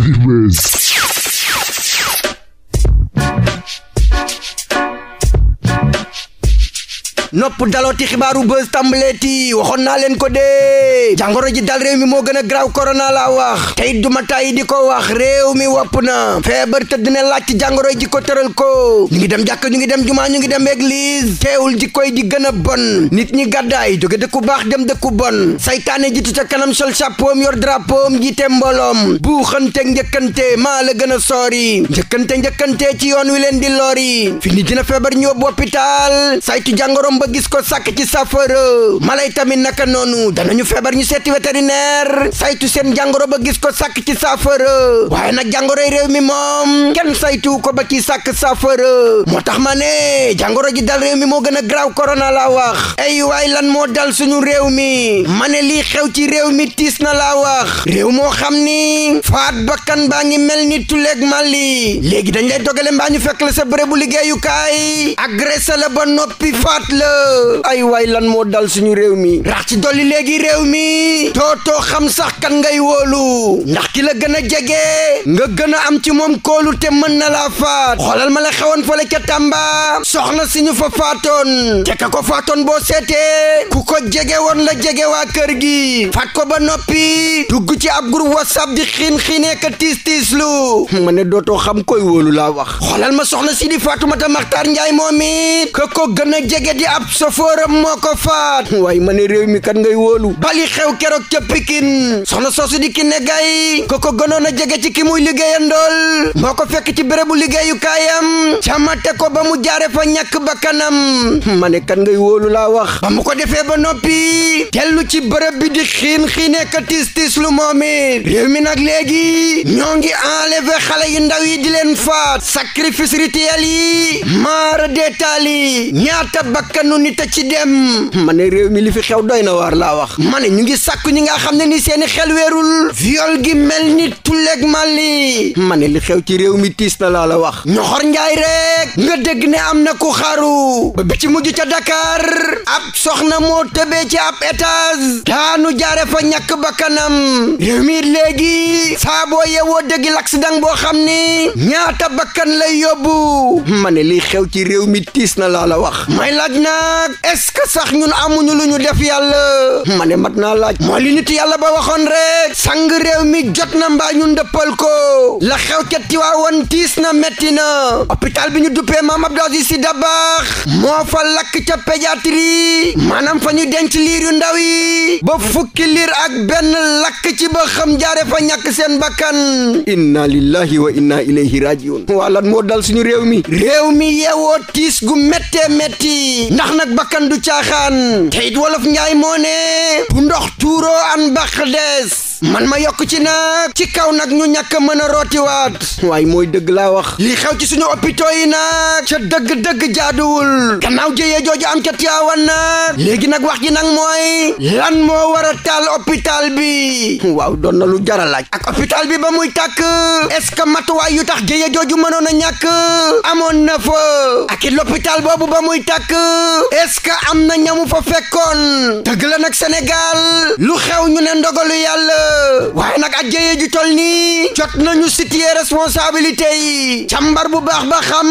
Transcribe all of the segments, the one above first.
Heavy Mess. nopp dalooti xibaaru buzz tàmbaleeti waxoon naa leen ko dee jangoro ji dal réew mi moo gën a graw korona laa wax tey duma yi di ko wax reew mi wapp na feebar te dina laaj ci jàngoro ji ko tëral ko ñu ngi dem jàkk ñu ngi dem jumaa ñu ngi dem église teewul ji koy di gën a bon nit ñi gàddaay jóge dëkku baax dem dëkku bon saytaane jiitu ca kanam sol chapeau yor drapeau bu mbooloom buuxante njëkkante maa la gën a soori njëkkante njëkkante ci yoon wi leen di lori fi nit dina feebar ñu yóbbu hôpital saytu jàngoroom ba gis ko sàkk ci safara mala yi noonu naka noonu danañu feebar ñu seeti vétérinaire saytu seen jàngoro ba gis ko sàkk ci safara waaye nag jàngoroy réew mi moom kenn saytu ko ba ci sàkk safara moo tax ma ne jàngoro ji dal réew mi moo gën a graw korona laa wax ay waay lan moo dal suñu réew mi ma ne lii xew ci réew mi tiis na laa wax réew moo xam ni faat bakkan baa ngi mel ni tuleeg Mali léegi dañ lay dogale mbaa ñu fekk la sa bërëbu liggéeyukaay agressé la ba noppi ay waay lan moo dal suñu réew mi rax ci dolli léegi réew mi tootoo xam sax kan ngay wóolu ndax ki la gën a jege nga gën a am ci moom kóolu te mën na laa faat xoolal ma la xewoon fële ca Tamba soxna si ñu fa faatoon te ka ko faatoon boo seetee ku ko jege woon la jege waa kër gi faat ko ba noppi dugg ci ab groupe whatsapp di xiin xiinee ka tiis tiis lu ma dootoo xam koy wóolu laa wax xoolal ma soxna si di Fatoumata Makhtar Ndiaye moom it ko gën a jege ab sofooram moo ko faat waaye ma ne réew mi kat ngay wóolu bali xew keroog ca Pikine soxna soosu di ki ne gay ko ko gënoon a jege ci ki muy liggéeyandool moo ko fekk ci bérébu liggéeyu kaayam càmmate ko ba mu jaare fa ñàkk bakkanam ma ne kan ngay wóolu laa wax ba mu ko defee ba noppi tellu ci bërëb bi di xiin xiinee ka tiis tiis lu moom réew mi nag léegi ñoo ngi enlever xale yu ndaw yi di leen faat sacrifice rituel yi maara deetaal yi ñaata bakkanu nit a ci dem ma ne réew mi li fi xew doy na waar laa wax ma ne ñu ngi sàkku ñu nga xam ne nii seeni xel weerul viol gi mel ni tulleeg màlli ma ne li xew ci réew mi tiis na laa la wax ñoxor njaay rek rek nga dégg ne am na ku xaru ba bi ci mujj ca Dakar ab soxna moo tëbee ci ab étage daanu jaare fa ñàkk bakkanam réew mi léegi saa boo yewoo dégg l'accident boo xam ni ñaata bakkan lay yóbbu ma ne liy xew ci réew mi tiis na laa la wax may laaj nag est-ce que sax ñun amuñu lu ñu def yàlla ma ne mat naa laaj mooy li nit yàlla ba waxoon rek sang réew mi jot na mbaa ñun dëppal ko la xew ca Tiwaawan tiis na metti na hôpital bi duppee Mame Abdou Aziz Sy Dabakh moo fa lakk ca pédiatrie maanaam fa ñu denc liir yu ndaw yi ba fukki liir ak benn lakk ci ba xam jaare fa ñàkk seen bakkan inna lillahi wa inna ilayhi rajiun waalan moo dal suñu réew mi réew mi yeewoo tiis gu méttee metti ndax nag bakkan du caaxaan te wolof njaay moo ne bu ndox tuuroo an baq des man ma yokk ci nag ci kaw nag ñu ñàkk mën a rootiwaat waaye mooy dëgg laa wax li xew ci suñu hôpitaux yi nag ca dëgg-dëgg jaaduwul gannaaw jëyee jooju am ca Tiwaawan nag léegi nag wax ji nag mooy lan moo war a taal hôpital bi waaw doon na lu jara laaj ak hôpital bi ba muy tàkk est-ce yu tax jëyee jooju mënoon a ñàkk amoon na fa ak it l'hôpital boobu ba muy tàkk est-ce am na ñamu fa fekkoon dëgg la nag Sénégal lu xew ñu ne ndogalu yàlla waaye nag ak jéyee ji tol nii jot nañu situer responsabilité yi càmbar bu baax ba xam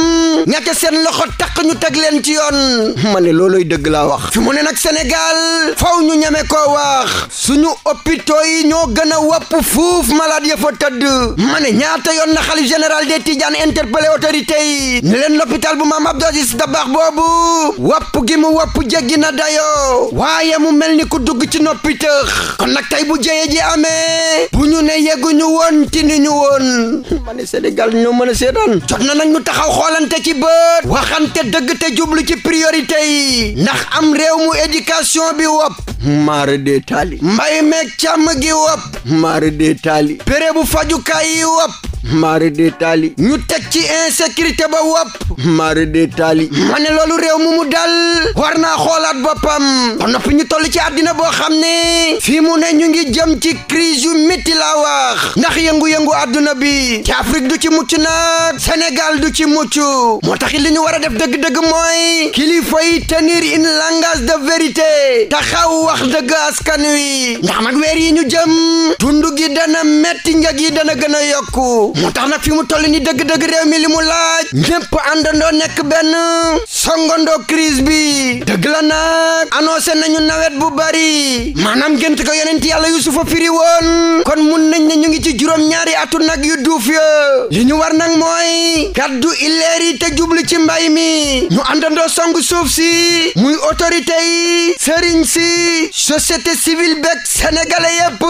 ñacca seen loxo takk ñu teg leen ci yoon ma ne looloy dëgg laa wax fi mu ne nag senegal faw ñu ñeme ko wax suñu hôpitaux yi ñoo gën a wopp fuuf malade ya fa tëdd ma ne ñaata yoon na xalif général des Tidiane interpellé autorité yi ne leen l'hôpital bu maam Abdou Aziz Dabakh boobu wopp gi mu wopp jéggi na dayoo waaye mu mel ni ku dugg ci noppi kon nag tey bu jéyee ji amee bu ñu ne yegguñu woon tiniñu woon ma ne Sénégal ñoo mën a seetaan jot na nag ñu taxaw xoolante ci bët waxante dëgg te jublu ci priorité yi ndax am réew mu éducation bi wopp maara dee taali mbay meeg càmm gi wopp maara dee taali bérébu fajukaay yi wopp maari ñu teg ci insécurité ba wopp maari de ma ne loolu réew mu mu dal war naa xoolaat boppam ba noppi ñu toll ci àddina boo xam ne fii mu ne ñu ngi jëm ci crise yu métti la wax ndax yëngu-yëngu àdduna bi ci Afrique du ci mucc nag senegal du ci mucc moo tax li ñu war a def dëgg-dëgg mooy kilifa yi tenir in langage de vérité taxaw wax dëgg askan wi ndax mag weer yi ñu jëm dund gi dana metti njag yi dana gën a yokku moo tax na fi mu toll ni dëgg-dëgg réew mi li mu laaj ñépp àndandoo nekk benn songandoo crise bi dëgg la nag annoncé nañu nawet bu bari maanaam gént ko yonent yàlla yusufa firi woon kon mun nañ ne ñu ngi ci juróom ñaari atu nag yu duuf ya li ñu war nag mooy kaddu illeer te jublu ci mbay mi ñu àndandoo song suuf si muy autorité yi sëriñ si société civile beeg sénégalais yépp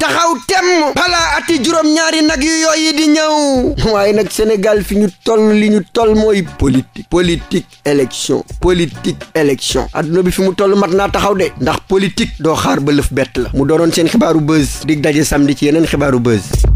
taxaw tem balaa ati juróom ñaari nag yu yooyi ngi ñëw waaye nag Sénégal fi ñu toll li ñu toll mooy politique politique élection politique élection adduna bi fi mu toll mat naa taxaw de ndax politique doo xaar ba lëf bett la mu dooroon seen xibaaru buzz dig daje samedi ci yeneen xibaaru buzz